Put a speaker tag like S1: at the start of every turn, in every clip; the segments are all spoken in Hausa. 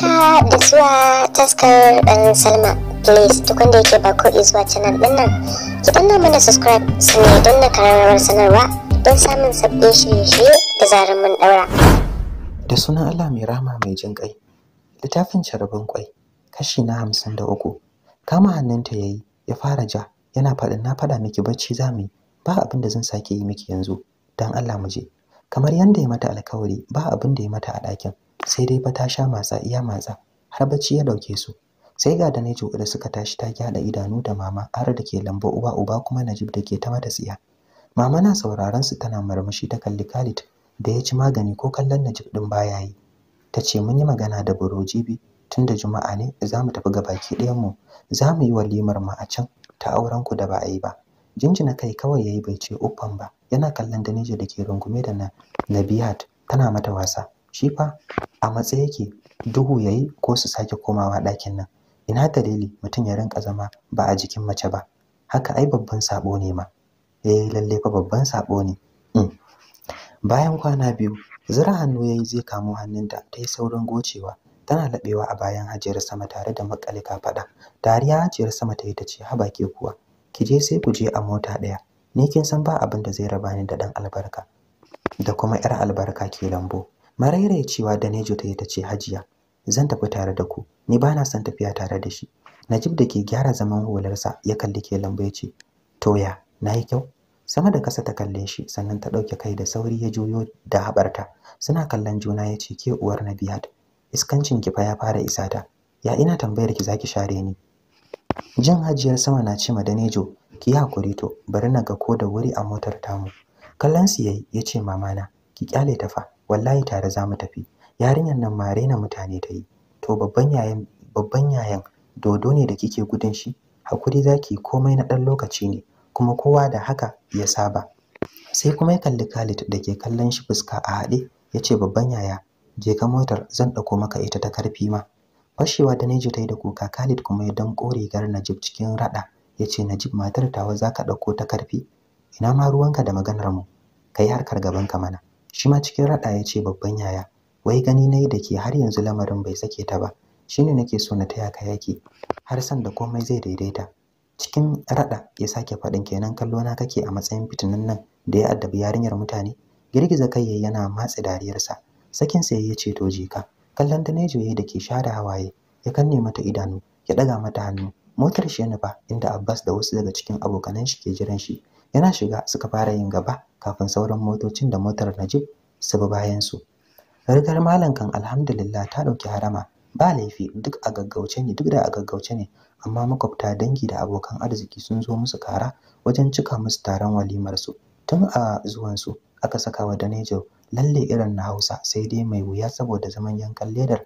S1: haka da zuwa taskar dan salma please duk wanda yake ba ko zuwa canal din nan ki danna mana subscribe su ne don na kararrawar sanarwa don samun sabbin shirye-shirye da zarar mun daura da sunan allah mai rama mai jin kai littafin carabin kwai kashi na hamsin da uku kama hannunta ya yi ya fara ja yana faɗin na faɗa miki bacci za mu yi ba abin da zan sake yi miki yanzu don allah mu je kamar yadda ya mata alkawari ba abin da ya mata a ɗakin sai dai fa ta sha matsa iya matsa har bacci ya dauke su sai ga da da suka tashi ta gyada idanu da mama har da ke lambu uba uba kuma Najib da ke ta mata tsiya mama na sauraron su tana murmushi ta kalli Khalid da ya ci magani ko kallon Najib din baya yi ta ce mun yi magana da buroji tun da Juma'a ne za mu tafi gabaki ɗayan mu za mu yi walimar ma a can ta auren ku da ba a yi ba jinjina kai kawai yayi bai ce uffan ba yana kallon da Danija da ke rungume da na Nabiyat tana mata wasa shi fa a matsa yake duhu yayi ko su sake komawa ɗakin nan ina dalili mutum ya rinka zama ba a jikin mace ba haka ai babban sabo ne ma eh lalle fa babban sabo ne mm. bayan kwana biyu zira hannu yayi zai kamo hannunta ta yi saurin gocewa tana laɓewa a bayan hajiyar sama tare da makalika faɗa. dariya hajiyar sama ta yi ta ce haba ke kuwa ki je sai ku je a mota ɗaya ni kin san ba abin da zai raba ni da ɗan albarka da kuma 'yar albarka ke lambo cewa da Nejo ta yi ta ce Hajiya zan tafi tare da ku ni ba na son tafiya tare da shi Najib da ke gyara zaman hularsa ya kalli ke lambu ya ce toya nayi kyau sama da kasa ta kalle shi sannan ta dauke kai da sauri ya juyo da haɓarta. suna kallon juna ya ce ke uwar Nabiyat iskancin ki fa ya fara isa ta ya ina tambayar ki zaki share ni Jin hajiyar sama na ce Madanejo, ki yi hakuri to, bari na ga ko da wuri a motar tamu. Kallon siyai, ya ce mamana, ki kyale ta fa, wallahi tare za mu tafi yarinyar nan mare na mutane ta yi to babban yayan babban dodo ne da kike gudun shi hakuri zaki komai na ɗan lokaci ne kuma kowa da haka ya saba sai kuma ya kalli Khalid da ke kallon shi fuska a haɗe ya ce babban yaya je ka motar zan ɗauko maka ita ta karfi ma fashewa da Neji ta yi da kuka Khalid kuma ya damƙo rigar Najib cikin raɗa ya ce Najib matar tawa za ka ɗauko ta karfi ina ma ruwanka da maganar mu ka yi harkar gabanka mana shi ma cikin raɗa ya ce babban yaya wai gani na yi da ke har yanzu lamarin bai sake ta ba Shi ne nake so na taya ka yaki har san da komai zai daidaita cikin raɗa ya sake faɗin kenan kallo na kake a matsayin fitinan nan da ya addabi yarinyar mutane girgiza kai yana matse dariyarsa sakin sai ya ce to jika kallon da nejo da ke share hawaye ya kanne mata idanu ya ɗaga mata hannu motar shi ya nufa inda Abbas da wasu daga cikin abokanan shi ke jiran shi yana shiga suka fara yin gaba kafin sauran motocin da motar Najib su bi bayan su rigar malam kan alhamdulillah ta dauki harama ba laifi duk a gaggauce ne duk da a gaggauce ne amma makwabta dangi da abokan arziki sun zo musu kara wajen cika musu taron walimar su tun a zuwan su aka saka wa Danejo lalle irin na Hausa sai dai mai wuya saboda zaman yankan ledar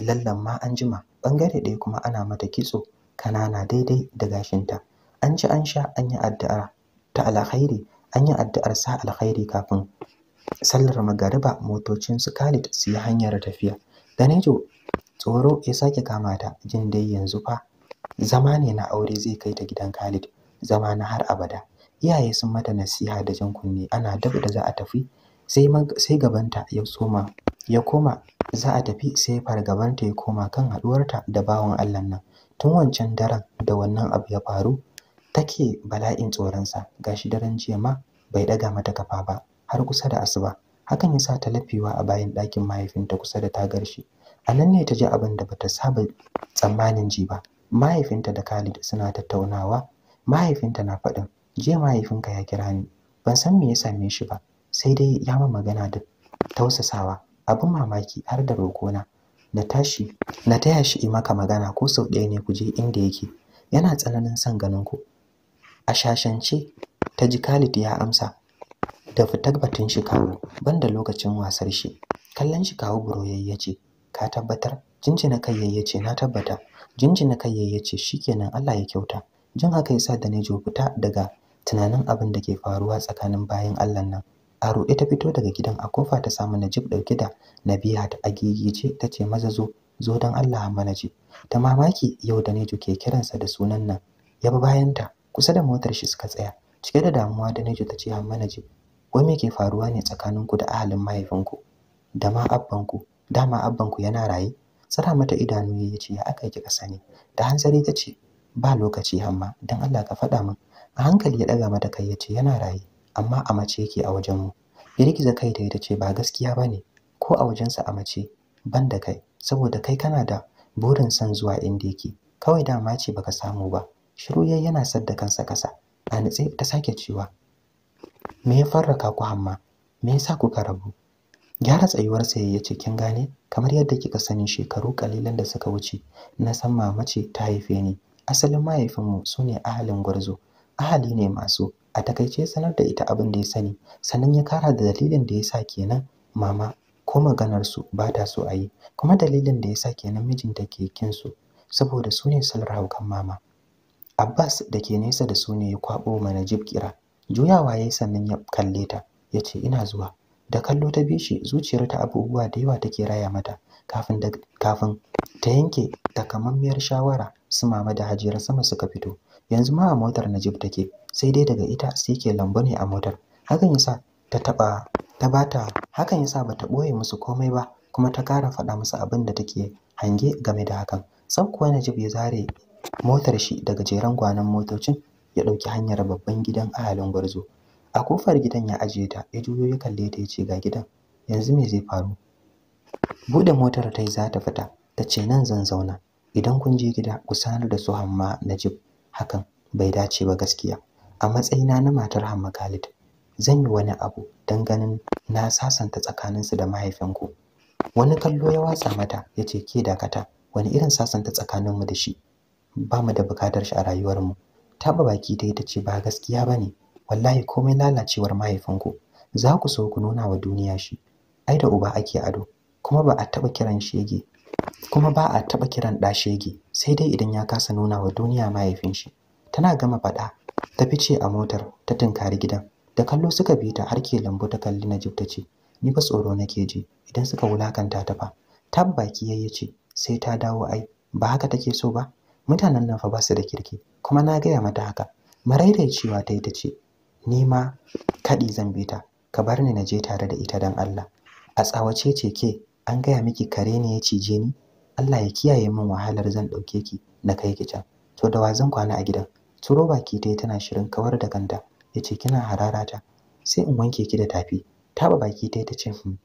S1: lallan ma an jima bangare ɗaya kuma ana mata kitso kanana daidai da gashinta an ci an sha an yi addu'a ta alkhairi an yi addu'ar sa alkhairi kafin sallar magariba motocin su Khalid su yi hanyar tafiya Danejo tsoro ya sake kama ta jin dai yanzu fa zama ne na aure zai kai ta gidan Khalid zama na har abada iyaye sun mata nasiha da jan kunne ana dab da za a tafi sai gabanta ya soma ya koma za a tafi sai fargabanta ya koma kan haduwarta da bawan Allah nan tun wancan daren da wannan abu ya faru take bala'in tsoronsa ga shi daren jiya ma bai daga mata kafa ba har kusa da asuba hakan ya sa ta lafewa a bayan ɗakin mahaifinta kusa da tagar shi a nan ne ta ji abin da bata saba tsammanin ji ba mahaifinta da Khalid suna tattaunawa mahaifinta na faɗin jiya mahaifinka ya kira ni ban san me ya same shi ba sai dai ya ma magana da tausasawa abin mamaki har da rokona na tashi na taya shi yi maka magana ko sau ɗaya ne ku je inda yake yana tsananin son ganin ku a shashance ta ji Khalid ya amsa da fitar batun banda lokacin wasar shi kallon shi kawo buro ya ce ka tabbatar jinjina kai ya ce na tabbata jinjina kai ya ce shikenan Allah ya kyauta jin haka yasa da jo fita daga tunanin abin da ke faruwa tsakanin bayan Allah nan a ita ta fito daga gidan a kofa ta samu Najib ɗauke da Nabiya ta agigice ta ce maza zo zo don Allah manaji ta mamaki yau da ke kiransa da sunan nan ya bi bayanta kusa da motar shi suka tsaya cike da damuwa da naji ta ce hammanaji wai me ke faruwa ne tsakaninku da ahalin mahaifinku da ma abbanku dama ku yana raye tsara mata idanu ya ce ya aka kika sani da hanzari ta ce ba lokaci hamma don Allah ka faɗa min a hankali ya ɗaga mata kai ya yana raye amma a mace yake a wajen mu girgiza kai ta ce ba gaskiya ba ne ko a wajen sa a mace ban da kai saboda kai kana da burin son zuwa inda yake kawai dama ce baka samu ba shiru yayi yana sadda kansa kasa a nitse ta sake cewa me ya farraka ku hamma me yasa kuka rabu gyara tsayuwar ya ce kin gane kamar yadda kika sani shekaru kalilan da suka wuce na san mama ce ta haife ni asalin mahaifinmu su ne ahalin gwarzo ahali ne masu a takaice sanar da ita abin da ya sani sannan ya kara da dalilin da yasa kenan mama ko maganar su ba ta so a yi kuma dalilin da yasa kenan mijinta ke kin su saboda su ne salar haukan mama Abbas da ke nesa da su ne ya kwabo ma Najib kira. Juyawa yayi sannan ya kalle ta, ya ce ina zuwa. Da kallo ta bi shi zuciyar ta abubuwa da yawa take raya mata kafin da kafin ta yanke takamammiyar shawara su mama da Hajira sama suka fito. Yanzu ma a motar Najib take, sai dai daga ita sai ke lambu ne a motar. Hakan yasa ta taba ta bata hakan yasa bata boye musu komai ba kuma ta kara faɗa musu abin da take hange game da hakan. Sam kuwa Najib ya zare motar shi daga jeren gwanon motocin ya ɗauki hanyar babban gidan ahalin gwarzo a kofar gidan ya ajiye ta ya juyo ya kalle ta ya ce ga gidan yanzu me zai faru buɗe motar ta yi za ta fita ta ce nan zan zauna idan kun je gida ku sanar da su hamma najib hakan bai dace ba gaskiya a matsayina na matar hamma khalid zan yi wani abu don ganin na sasanta tsakaninsu da mahaifinku wani kallo ya watsa mata ya ce ke dakata wani irin sasanta tsakaninmu da shi ba mu da bukatar shi a rayuwarmu taɓa baki ta ita ce ba gaskiya ba ne wallahi komai lalacewar mahaifinku za ku so ku nuna wa duniya shi ai da uba ake ado kuma ba a taba kiran shege kuma ba a taɓa kiran ɗa shege sai dai idan ya kasa nuna wa duniya mahaifin shi tana gama faɗa ta fice a motar ta tinkari gidan da kallo suka bi ta har ke lambu ta kalli na ta ce ni ba tsoro nake ji idan suka wulakanta ta fa tabbaki yayi ce sai ta dawo ai ba haka take so ba mutanen nan fa ba su da kirki kuma na gaya mata haka maraidaicewa ta yi ta ce ni ma kaɗi zan bi ta ka bar ni na je tare da ita don Allah a tsawace ce ke an gaya miki kare ne ya cije ni Allah ya kiyaye min wahalar zan ɗauke ki na kai ki can to da wa zan kwana a gidan turo baki ta tana shirin kawar da kanta ya ce kina harara ta sai in wanke ki da tafi taba baki ta ta ce hmm.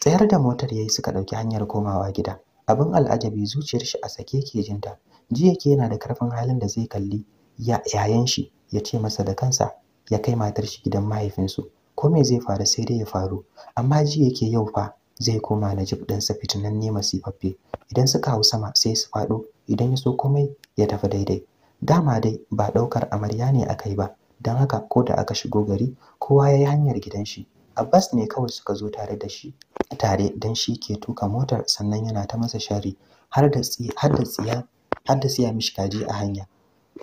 S1: tsayar da motar yayi suka ɗauki hanyar komawa gida abin al'ajabi zuciyar shi a sake ke jinta jiya ke yana da karfin halin da zai kalli ya yayan shi ya ce masa da kansa ya kai matar shi gidan mahaifinsu ko me zai faru sai dai ya faru amma jiya ke yau fa zai koma Najib ɗinsa fitinan ne masifaffe idan suka hau sama sai su faɗo idan ya so komai ya tafi daidai dama dai ba ɗaukar amarya ne aka yi ba don haka ko da aka shigo gari kowa ya yi hanyar gidan shi Abbas ne kawai suka zo tare da shi tare don shi ke tuka motar sannan yana ta masa shari har har da tsiya har da siya mishi kaji a hanya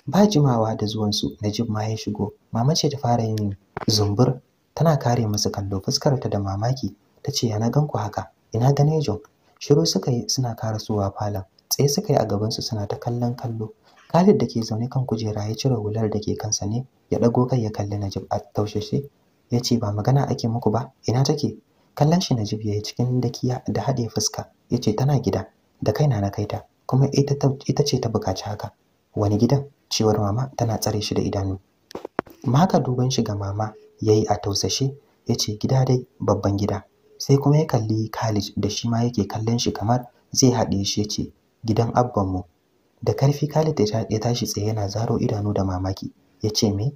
S1: ba jimawa da zuwan zuwansu najib ma ya shigo mama ce ta fara yin zumbur tana kare masa kallo ta da mamaki ta ce na ganku haka ina ganejo shiru suka yi suna karasowa falon tsaye suka yi a gaban su suna ta kallon kallo Khalid da ke zaune kan kujera ya cire hular da ke kansa ne ya ɗago kai ya kalli Najib a taushe ya ce ba magana ake muku ba ina take kallon shi Najib ya yi cikin dakiya da haɗe fuska ya ce tana gida da kaina na kaita kuma ita ce ta bukaci haka wani gidan cewar mama tana tsare shi da idanu maka duban shi ga mama ya yi a tausashe ya ce gida dai babban gida sai kuma ya kalli Khalid da shi ma yake kallon shi kamar zai haɗe shi ce gidan abban mu da karfi Khalid ya tashi tsaye yana zaro idanu da mamaki ya ce me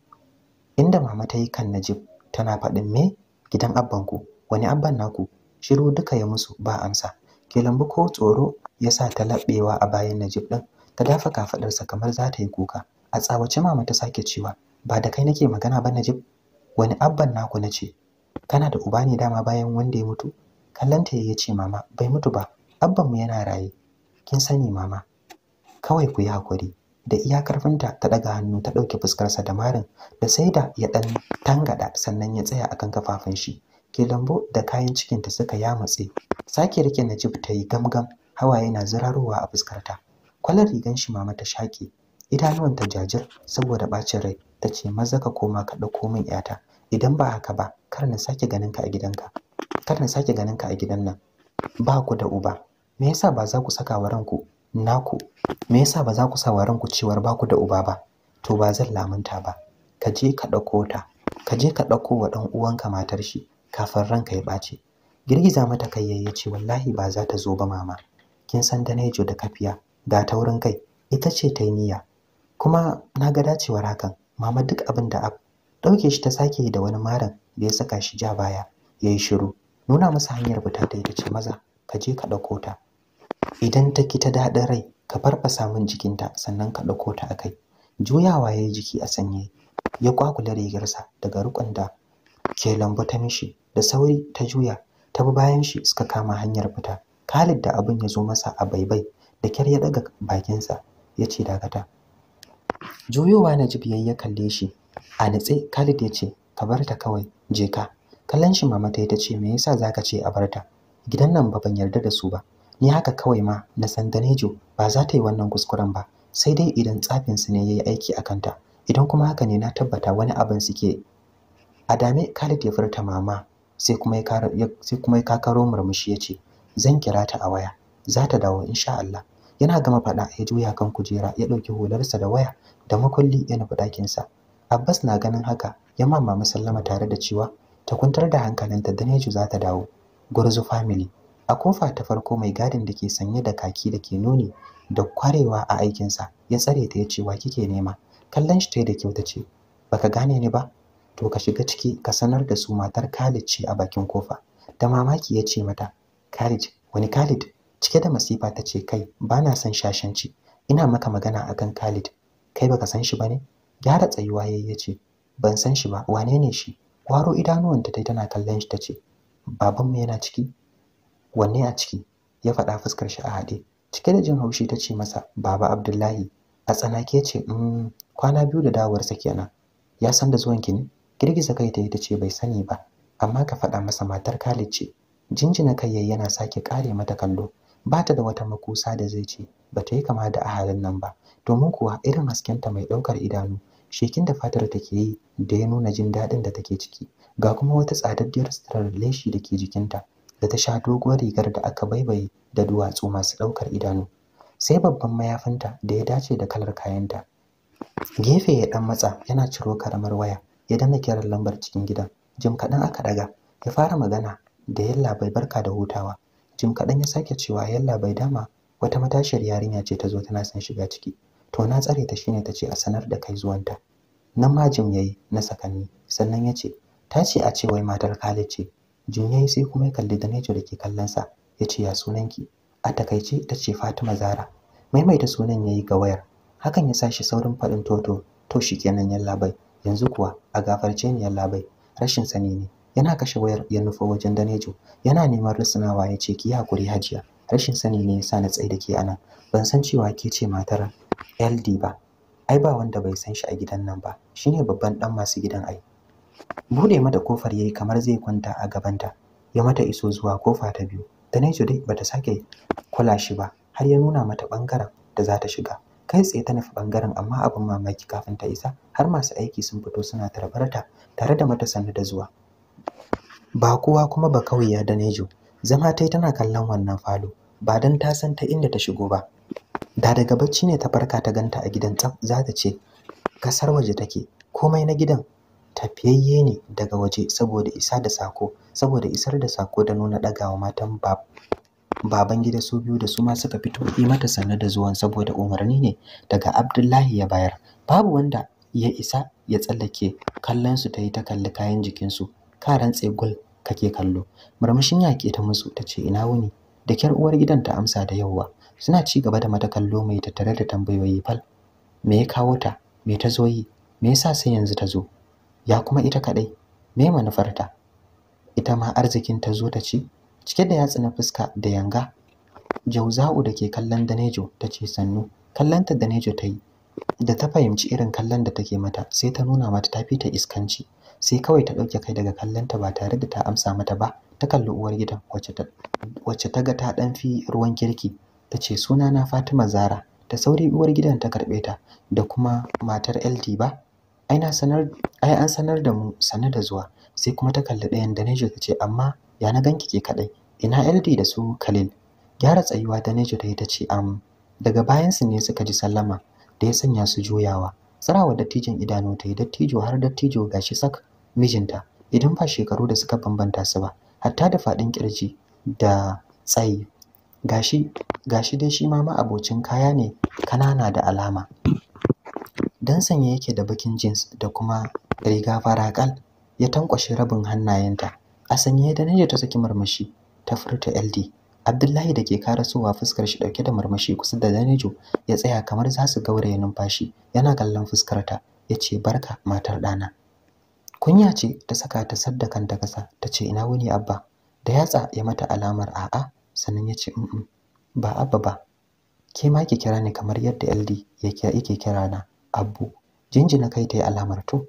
S1: inda mama ta yi kan Najib tana faɗin me gidan abbanku, wani abban naku shiru duka ya musu ba amsa ke lambu ko tsoro ya sa ta laɓewa a bayan Najib ɗin ta dafa kafaɗarsa kamar za ta yi kuka a tsawace mama ta sake cewa ba da kai nake magana ba Najib wani abban naku na ce kana da uba ne dama bayan wanda ya mutu kallanta ya ce mama bai mutu ba abban mu yana raye kin sani mama kawai ku yi hakuri da iya karfinta ta ɗaga hannu ta ɗauke fuskarsa da marin da sai da ya ɗan tangada sannan ya tsaya akan kafafun shi ke lambo da kayan cikinta suka yamatse sake rike Najib ta yi gamgam hawaye na zirarowa a fuskarta kwalar rigan shi mama ta shaƙe idanuwanta jajir saboda bacin rai ta ce maza ka koma ka ɗauko min yata idan ba haka ba kar na sake ganin ka a gidanka kar na sake ganin ka a gidan nan ba ku da uba me yasa ba za ku saka wa ranku naku me yasa ba za ku sa wa ranku cewar ba ku da uba ba to ba zan lamunta ba ka je ka ɗauko ta ka je ka ɗauko wa ɗan uwanka matar shi kafin ranka ya ɓace girgiza mata kai ya ce wallahi ba za ta zo ba mama kin san da Danejo da Kafiya ga taurin kai ita ce ta niyya kuma na ga dacewar hakan mama duk abin da ab dauke shi ta sake yi da wani maran da ya saka shi ja baya yayi shiru nuna masa hanyar fita ta ita ce maza ka je ka ɗauko ta idan ta ki ta dadin rai ka farfasa min jikinta sannan ka ɗauko ta a kai. juyawa yayi jiki a sanye ya kwakule rigarsa daga rukun da ke lambu ta mishi da sauri ta juya ta bi bayan shi suka kama hanyar fita Khalid da abin ya zo masa a baibai da kyar ya daga bakinsa ya ce dakata. joyowa na yayi ya kalle shi a nitse Khalid ya ce ka bar ta kawai je ka. Kallon shi mama ta ita ce me yasa zaka ce a bar ta? Gidan nan ba ban yarda da su ba. Ni haka kawai ma na san Danejo ba za ta yi wannan kuskuren ba sai dai idan tsafin su ne yayi aiki a kanta. Idan kuma haka ne na tabbata wani abin suke a dame Khalid ya furta mama sai kuma ya sai kuma ya kakaro murmushi ya ce zan kira ta a waya za ta dawo insha Allah yana gama faɗa ya juya kan kujera ya ɗauki hularsa da waya da makulli ya nufi ɗakinsa Abbas na ganin haka ya mamma musallama tare da cewa ta kuntar da hankalinta Daneju za ta dawo Gurzu family a kofa ta farko mai gadin da ke sanye da kaki da ke nuni da kwarewa a aikinsa ya tsare ta ya ce wa kike nema kallon shi ta da kyau ta ce baka gane ni ba to ka shiga ciki ka sanar da su matar Khalid ce a bakin kofa da mamaki ya ce mata Khalid wani Khalid cike da masifa ta ce kai ba na son shashanci ina maka magana a kan Khalid kai baka san shi ba ne? gyara tsayuwa yayi ce. ban san shi ba wane ne shi kwaro idanuwanta yi tana kallon shi ta tace babanmu yana ciki wanne a ciki ya faɗa fuskar shi a haɗe cike da jin haushi ta ce masa baba Abdullahi a tsanake ce mm, kwana biyu da dawarsa kenan ya san da zuwanki ne girgiza kai ta yi ta ce bai sani ba amma ka faɗa masa matar Khalid ce jinjina kai yayi yana sake kare mata kallo ba ta da wata makusa da zai ce ba ta yi kama da ahalin nan ba domin kuwa irin haskenta mai ɗaukar idanu shekin da fatar take yi da ya nuna jin daɗin da take ciki ga kuma wata tsadaddiyar sitirar leshi da ke jikinta da ta sha doguwar rigar da aka baibaye da duwatsu masu ɗaukar idanu sai babban mayafinta da ya dace da kalar kayanta gefe ya ɗan matsa yana ciro karamar waya ya danna kiran lambar cikin gidan jim kaɗan aka daga ya fara magana da yallaɓai barka da hutawa jim kaɗan ya sake cewa yallaɓai dama wata matashiyar yarinya ce ta zo tana son shiga ciki to na tsare ta shine ta ce a sanar da kai zuwanta nan ma jim yayi na sakanni sannan ya ce ta ce a ce wai matar Khalid ce jim yayi sai kuma ya kalli da da ke kallon sa ya ce ya ki. a takaice ta ce Fatima Zara maimaita sunan yayi ga wayar hakan ya sa shi saurin faɗin toto to shikenan yallaɓai yanzu kuwa a gafarce ni yallaɓai rashin sani ne yana kashe wayar ya nufa wajen danejo yana neman rusunawa ya ce ki hakuri hajiya rashin sani ne yasa na tsaye da ke anan ban san cewa ke ce matar LD ba ai ba wanda bai san shi a gidan nan ba shine babban dan masu gidan ai bude mata kofar yayi kamar zai kwanta a gabanta ya mata iso zuwa kofa ta biyu danejo dai bata sake kula shi ba har ya nuna mata bangaren da za ta shiga kai tsaye ta nufi bangaren amma abin mamaki kafin ta isa har masu aiki sun fito suna tarbarta tare da mata sanu da zuwa ba kowa kuma ba kawai ya Danejo zama ta yi tana kallon wannan falo ba don ta san ta inda ta shigo ba da daga bacci ne ta farka ta ganta a gidan tsaf za ta ce kasar waje take komai na gidan tafiyayye ne daga waje saboda isa da sako saboda isar da sako da nuna dagawa matan bab baban gida su biyu da su ma suka fito yi mata sanne da zuwan saboda umarni ne daga Abdullahi ya bayar babu wanda ya isa ya tsallake kallon su ta yi ta kalli kayan jikinsu karan tsegul kake kallo murmushin yaƙi ta musu ta ce ina wuni da kyar uwar gidan ta amsa da yauwa suna ci gaba da mata kallo mai tattare da tambayoyi fal me ya kawo ta me ta zo yi me yasa sai yanzu ta zo ya kuma ita kadai me manufarta ita ma arzikin ta zo ta ce cike da yatsu na fuska da yanga jauza'u da ke kallon danejo ta ce sannu kallonta danejo ta yi da ta fahimci irin kallon da take mata sai ta nuna mata ta fita iskanci sai kawai ta ɗauke kai daga kallonta ba tare da ta amsa mata ba ta kalli uwar gidan wacce ta ga ta ɗan fi ruwan kirki ta ce suna na fatima zara da sauri uwar gidan ta karɓe ta da kuma matar ld ba ai an sanar da mu sanar da zuwa sai kuma ta kalli ɗayan da nejo ta ce amma ya na ganki ke kaɗai ina ld da su khalil gyara tsayuwa da nejo ta yi ta ce am daga bayansu ne suka ji sallama da ya sanya su juyawa tsarawa dattijan idanu ta yi dattijo har dattijo gashi sak mijinta idan ba shekaru da suka bambanta su ba hatta da faɗin kirji da tsayi gashi gashi dai shi ma ma'abocin kaya ne kanana da alama dan sanye yake da bakin jeans da kuma riga farakal ya tankwashe rabin hannayenta a sanye da nije ta saki marmashi ta furta LD Abdullahi da ke karasowa fuskar shi dauke da marmashi kusa da Danijo ya tsaya kamar za su gauraya numfashi yana kallon fuskar ta ce barka matar dana kunya ce ta saka ta sadda kanta kasa ce ina wuni abba da yatsa ya mata alamar a'a sannan yace mm ba abba ba ke ma ki kira ni kamar yadda LD yake yake kira na abbu jinjina kai ta yi alamar to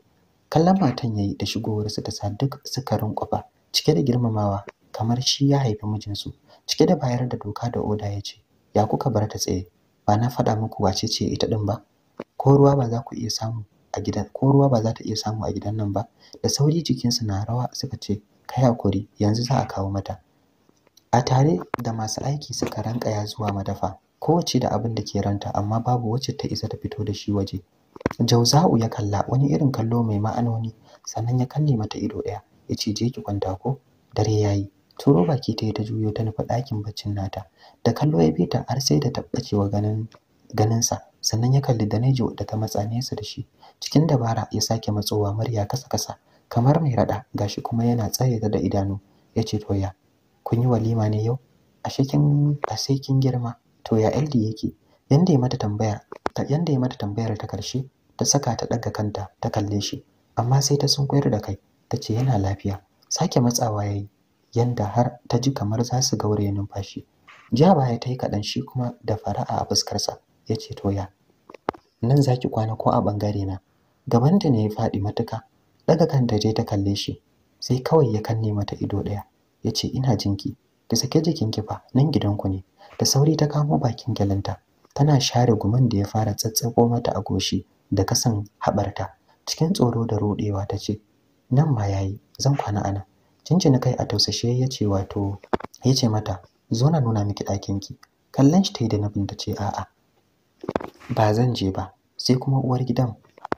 S1: kallon matan yayi da shigowar su ta sa duk sukarin kofa cike da girmamawa kamar shi ya haifi mijinsu cike da bayar da doka da oda ya ce ya kuka bar ta tsaye ba na faɗa muku wace ce ita din ba ko ruwa ba za ku iya samu a gidan ko ruwa ba za ta iya samu a gidan nan ba da sauri jikinsu na rawa suka ce kai hakuri yanzu za a kawo mata a tare da masu aiki suka rankaya zuwa madafa kowace da abin da ke ranta amma babu wace ta isa ta fito da shi waje jauza'u ya kalla wani irin kallo mai ma'anoni sannan ya kalle mata ido ɗaya ya ce je ki kwanta ko dare yayi turo baki ta yi ta juyo ta nufi ɗakin baccin nata da kallo ya bita har sai da tabbacewa ganin ganinsa sannan ya kalli danejo da ta matsa nesa da shi cikin dabara ya sake matsowa murya kasa kasa kamar mai raɗa, gashi kuma yana tsaye da idanu ya ce to ya kun yi walima ne yau ashe kin ashe kin girma to ya LD yake yanda ya mata tambaya ta yanda ya mata tambayar ta karshe ta saka ta ɗaga kanta ta kalle shi amma sai ta sunkuyar da kai ta ce yana lafiya sake matsawa yayi yanda har ta ji kamar za su gauraye numfashi ja baya ta yi kaɗan shi kuma da fara'a a fuskarsa ya ce to ya nan za ki kwana ko a ɓangare na gabanta ne ya faɗi matuka daga ta je ta kalle shi sai kawai ya kanne mata ido ɗaya ya ce ina jinki da sake ki fa nan gidanku ne da sauri ta kamo bakin gyalanta tana share guman da ya fara tsatsako mata a goshi da kasan haɓarta cikin tsoro da ruɗewa ta ce nan ma yayi zan kwana a nan cincina kai a tausashe ya ce wato ya ce mata zo na nuna miki ɗakinki kallon shi ta yi da na binta ce a'a ba zan je ba sai kuma uwar gidan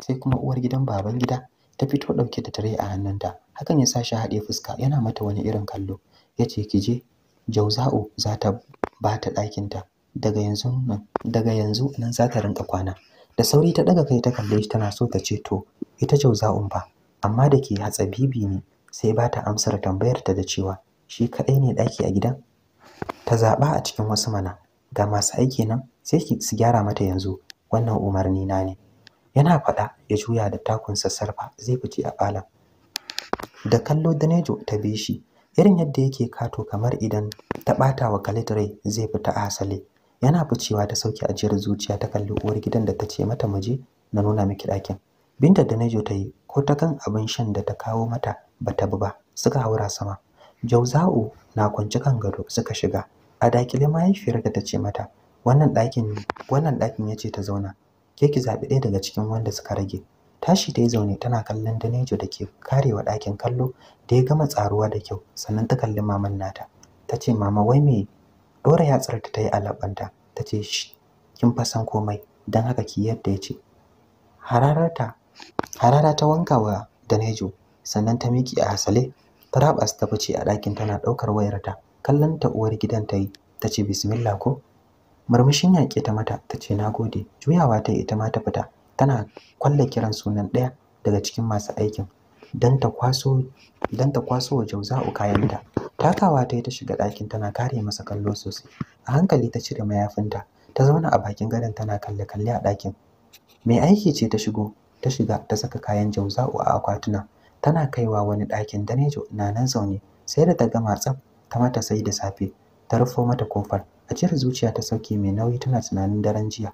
S1: sai kuma uwar gidan baban gida ta fito ɗauke da tare a hannunta hakan ya sa shi haɗe fuska yana mata wani irin kallo ya ce ki je jauza'u za ta ba ta ɗakinta daga yanzu nan daga yanzu nan za ta rinka kwana da sauri ta ɗaga kai ta kalle shi tana so ta ce to ita jauza'un ba. amma da ke hatsabibi ne sai ba ta amsar tambayar ta da cewa shi kaɗai ne ɗaki a gidan ta zaɓa a cikin wasu mana ga masu aiki nan sai su gyara mata yanzu wannan umarni na ne yana faɗa ya juya da takun sassarfa zai fice a falon da kallo danejo ta bi shi irin yadda yake kato kamar idan ta ɓata wa kalitare zai fita a sale, yana ficewa ta sauke ajiyar zuciya ta kalli uwar gidan da ta ce mata muje na nuna miki ɗakin binta danejo ta yi ko ta kan abin shan da ta kawo mata bata bi ba suka haura sama jauza'u na kwanci kan gado suka shiga a dakile mahaifiyar da ta ce mata wannan ɗakin wannan ɗakin ya ce ta zauna ke ki zaɓi ɗaya daga cikin wanda suka rage tashi ta yi zaune tana kallon danejo da ke karewa ɗakin kallo da ya gama tsaruwa da kyau sannan ta kalli maman nata ta ce mama wai me ɗora yatsar ta ta yi alaɓanta ta ce kin fa san komai don haka ki yadda ya ce hararata harara ta wanka wa danejo sannan ta miki a hasale ta raba ta fice a ɗakin tana ɗaukar wayarta kallon ta uwar gidan ta yi ta ce bismillah ko murmushin yaƙe ta mata ta ce nagode juyawa ta ita ma ta fita tana kwalla kiran sunan ɗaya daga cikin masu aikin don ta kwaso wa ta kwaso wa jauza'u kayanta takawa ta yi ta shiga ɗakin tana kare masa kallo sosai a hankali ta cire mayafinta ta zauna a bakin gadon tana kalle kalle a ɗakin mai aiki ce ta shigo ta shiga ta saka kayan jauza'u a akwatuna tana kaiwa wani ɗakin danejo na nan zaune sai da ta gama tsaf ta mata sai da safe ta rufo mata kofar a cire zuciya ta sauke mai nauyi tana tunanin daren jiya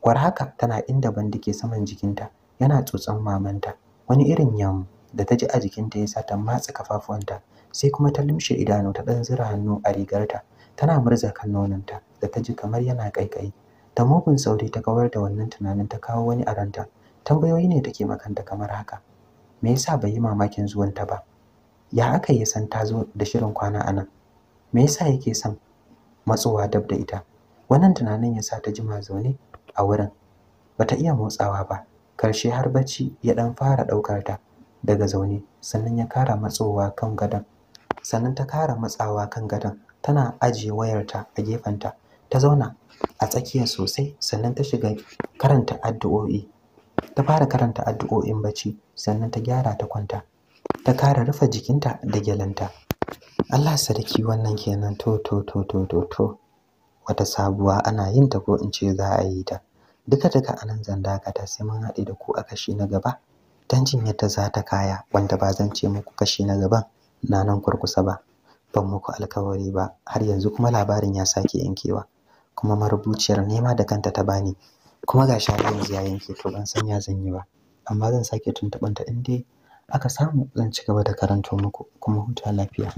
S1: Kwar haka tana inda bandi ke saman jikinta yana tsotson mamanta wani irin yam da ta ji a jikinta ya sa ta matsa kafafuwanta sai kuma ta limshe idanu ta ɗan zura hannu a rigarta tana murza kan nononta da ta ji kamar yana kaikayi ta mugun sauri ta kawar da wannan tunanin ta kawo wani aranta tambayoyi ne take makanta kamar haka me yasa bai yi mamakin zuwanta ba ya aka yi san ta zo da shirin kwana a nan me yasa yake son matsowa dab da ita wannan tunanin yasa ta jima zaune a wurin bata iya motsawa ba karshe har bacci ya dan fara daukar ta daga zaune sannan ya kara matsowa kan gadon sannan ta kara matsawa kan gadon tana ajiye wayarta a gefenta ta zauna a tsakiya sosai sannan ta shiga karanta addu'o'i ta fara karanta addu'o'in bacci sannan ta gyara ta kwanta ta kara rufe jikinta da gyalanta Allah sarki wannan kenan to to to to to to wata sabuwa ana yin ta ko in ce za a yi ta duka duka anan zan dakata sai mun haɗe da ku a kashi na gaba dan jin yadda za ta kaya wanda ba zan ce muku kashi na gaban na nan kurkusa ba ban muku alkawari ba har yanzu kuma labarin ya sake yankewa kuma marubuciyar nema da kanta ta bani kuma ga yanzu ya yanke to ban san ya zan yi ba amma zan sake tuntuɓanta in dai aka samu zan ci gaba da karanto muku kuma huta lafiya.